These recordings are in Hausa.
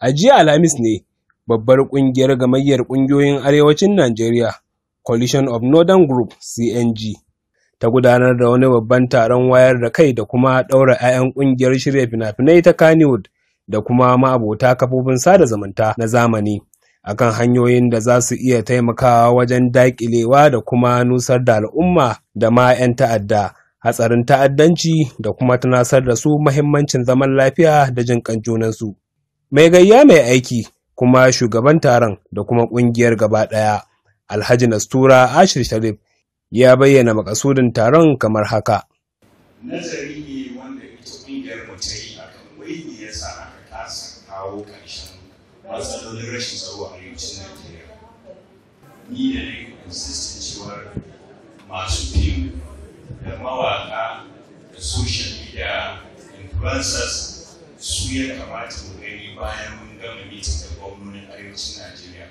A jiya Alhamis ne, babbar ƙungiyar gamayyar ƙungiyoyin Arewacin Najeriya, Coalition of Northern Group CNG, ta gudanar da wani babban taron wayar da kai da kuma ɗaura 'ya'yan ƙungiyar shirya fina-finai ta Kannywood da kuma ma'abota kafofin sada zumunta na zamani. akan hanyoyin da za su iya taimakawa wajen daƙilewa da kuma nusar da al'umma da ma 'yan ta'adda hatsarin ta'addanci da kuma tunasar da su mahimmancin zaman lafiya da jin kan junansu. mai gayya mai aiki kuma shugaban taron da kuma ƙungiyar gaba ɗaya alhaji nastura ashir sharif ya bayyana makasudin taron kamar haka nazari ne wanda ita ƙungiyar mu ta yi akan wai ya sa aka kasa kawo ƙarshen matsalolin rashin tsaro a arewacin najeriya ni da na yi consistent cewar masu fim da mawaƙa da social media influencers su ya kamata mu gani eh, bayan mun gama mitin da gwamnonin arewacin Najeriya.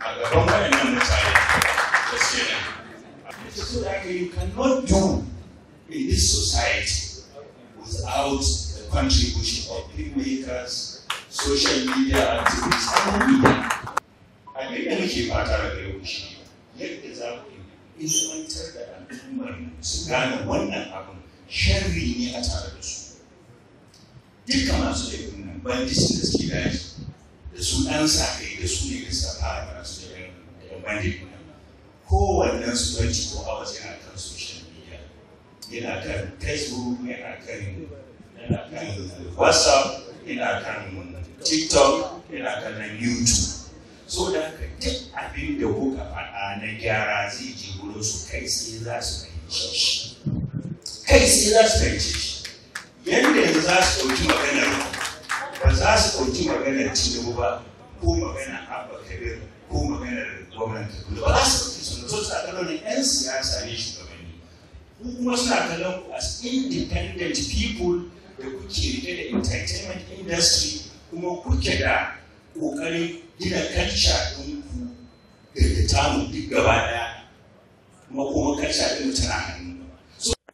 A gaban waɗannan mutane da suke nan. So that you cannot do in this society without the contribution of filmmakers, social media activists, and media. Abin da muke fata da yau shi yadda za ku ilmantar da al'ummar su gane wannan abin sharri ne a tare da su. dukkan masu laifin nan bandits da suke daji da su ɗan sa kai da su ne da suka fara mana su da yan bandit nan kowannen su banci ko a wajen a kan social media yana kan facebook yana kan yana kan whatsapp yana kan tiktok yana kan youtube so da haka duk abin da kuka faɗa na gyara zai je wurin su kai sai za su fahimce shi kai sai za su kai shi yadda yanzu za su ɗauki magana ci tinubu ba ko magana abba kabir ko magana da gwamnati da ba za su ci su so suna kallon yan siyasa ne ne ko kuma suna kallon ku as independent people da kuke rike da entertainment industry kuma kuke da ƙoƙarin gina kalca din ku da tamu duk gaba ɗaya kuma kuma kalca ɗin ta hannu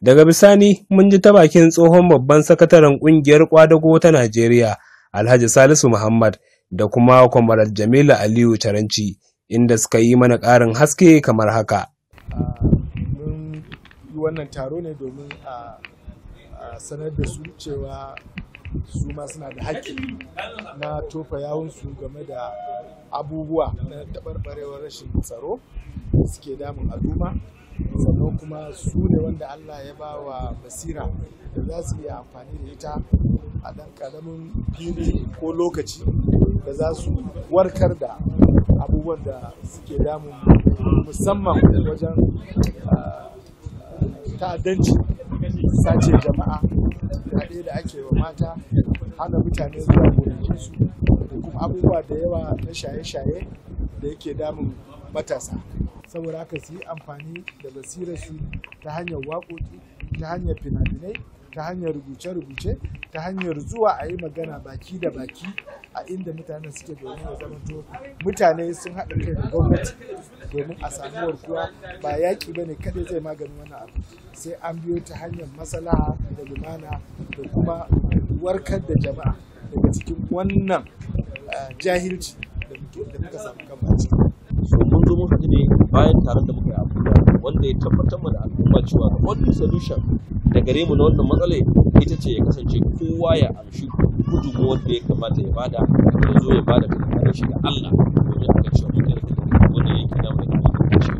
Daga bisani mun ji ta bakin tsohon babban sakataren kungiyar kwadago ta Najeriya, alhaji salisu muhammad da kuma kwamarar jamilu aliyu caranci inda suka yi mana ƙarin haske kamar haka mun yi wannan taro ne domin a sanar da su cewa su ma suna da haƙƙi na tofa yawunsu game da abubuwa na taɓarɓarewar rashin tsaro suke damun al'umma sannan kuma su ne wanda Allah ya ba wa basira da za su iya amfani da ita a ɗan ƙaramin fili ko lokaci da za su warkar da abubuwan da suke damun musamman wajen ah, ta'addanci sace jama'a fyaɗe da ake wa mata hana mutane zuwa gonakinsu da kuma abubuwa da yawa na shaye-shaye da yake damun matasa saboda haka su yi amfani da basirarsu ta hanyar waƙoƙi ta hanyar fina-finai ta hanyar rubuce-rubuce ta hanyar zuwa a yi magana baki da baki a inda mutanen suke domin ya zamanto mutane sun haɗa kai da gwamnati domin a samu warkuwa ba yaƙi ba ne kaɗai zai magani wani abu sai an biyo ta hanyar masala da lumana da kuma warkar da jama'a daga cikin wannan eh, jahilci da muka samu kan ciki. zo mun haɗu ne bayan taron da muka yi Abuja wanda ya tabbatar mana al'umma cewa the only solution da gare mu na wannan matsala ita ce ya kasance kowa ya amshi gudunmuwar da ya kamata ya bada ya zo ya bada kan shi ga Allah domin aka cewa mun da wannan yake da mu da shi.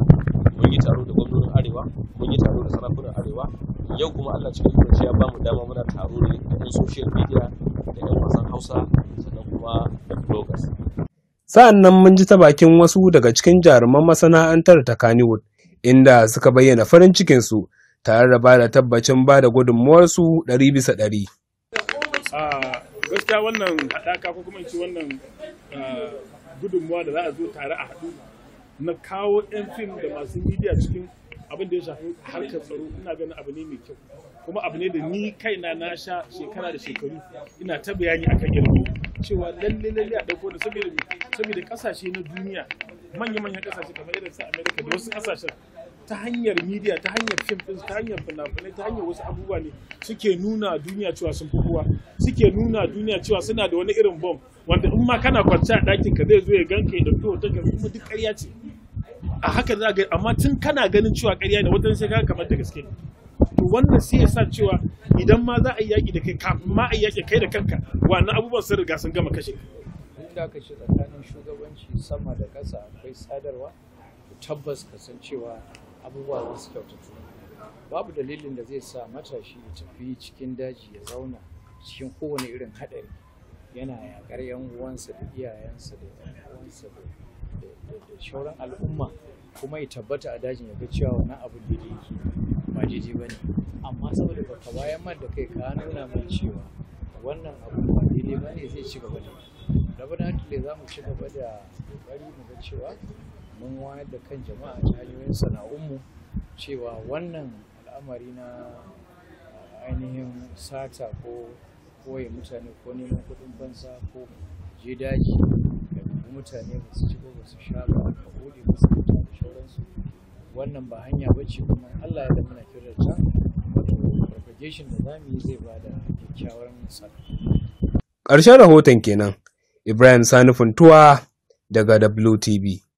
mun yi taro da gwamnonin Arewa mun yi taro da sarakunan Arewa yau kuma Allah cikin kurci ya bamu dama muna taro ne da social media da 'yan wasan Hausa sannan kuma da bloggers Sa'annan mun ji ta bakin wasu daga cikin jaruman masana'antar ta Kannywood inda suka bayyana farin cikinsu tare da ba da tabbacin ba da su ɗari bisa ɗari. gaskiya wannan haɗaka ko kuma in ci wannan gudunmuwa da za a zo tare a haɗu na kawo 'yan fim da masu midiya cikin abin da ya shafi harkar tsaro ina ganin abu ne mai kyau kuma abu ne da ni kaina na sha shekara da shekaru ina ta bayani akan irin cewa lalle lalle a ɗauko da saboda saboda kasashe na duniya manya-manyan kasashe kamar irin su america da wasu kasashen ta hanyar media ta hanyar fim ɗin ta hanyar fina-finai ta hanyar wasu abubuwa ne suke nuna duniya cewa sun fi kowa suke nuna duniya cewa suna da wani irin bom wanda in ma kana kwance a ɗakin ka zai zo ya ganka ya dauki hoton ka kuma duk ƙarya ce a haka za ga amma tun kana ganin cewa ƙarya ne wajen sai ka kamar da gaske to wannan sai ya sa cewa idan ma za a yi yaƙi da kai kafin ma a yi yaƙi kai da kanka wannan abubuwan sun riga sun gama kashe inda ka shi tsakanin shugabanci sama da ƙasa akwai sadarwa tabbas kasancewa abubuwa za su kyautatu babu dalilin da zai sa matashi ya tafi cikin daji ya zauna cikin kowane irin haɗari yana yaƙar yan uwansa da iyayensa da yan uwansa da shauran al'umma kuma ya tabbata a dajin ya ga cewa wani abu da yake ba ba ne amma saboda baka bayan man da kai ka nuna mai cewa wannan abu ba daidai ba ne zai ci gaba da rabu da hankali za mu ci gaba da kokari mu ga cewa mun wayar da kan jama'a ta hanyoyin sana'unmu cewa wannan al'amari na ah, ainihin sata ko koye mutane ko neman kuɗin fansa ko je daji da mutane ba su ci ba su sha ba ka gode ba su da sauransu wannan ba hanya ba ce kuma Allah ya da mana suggestion da za mu yi zai ba da kyakkyawar sakamako. Ƙarshen rahoton kenan Ibrahim Sani Funtuwa daga WTV.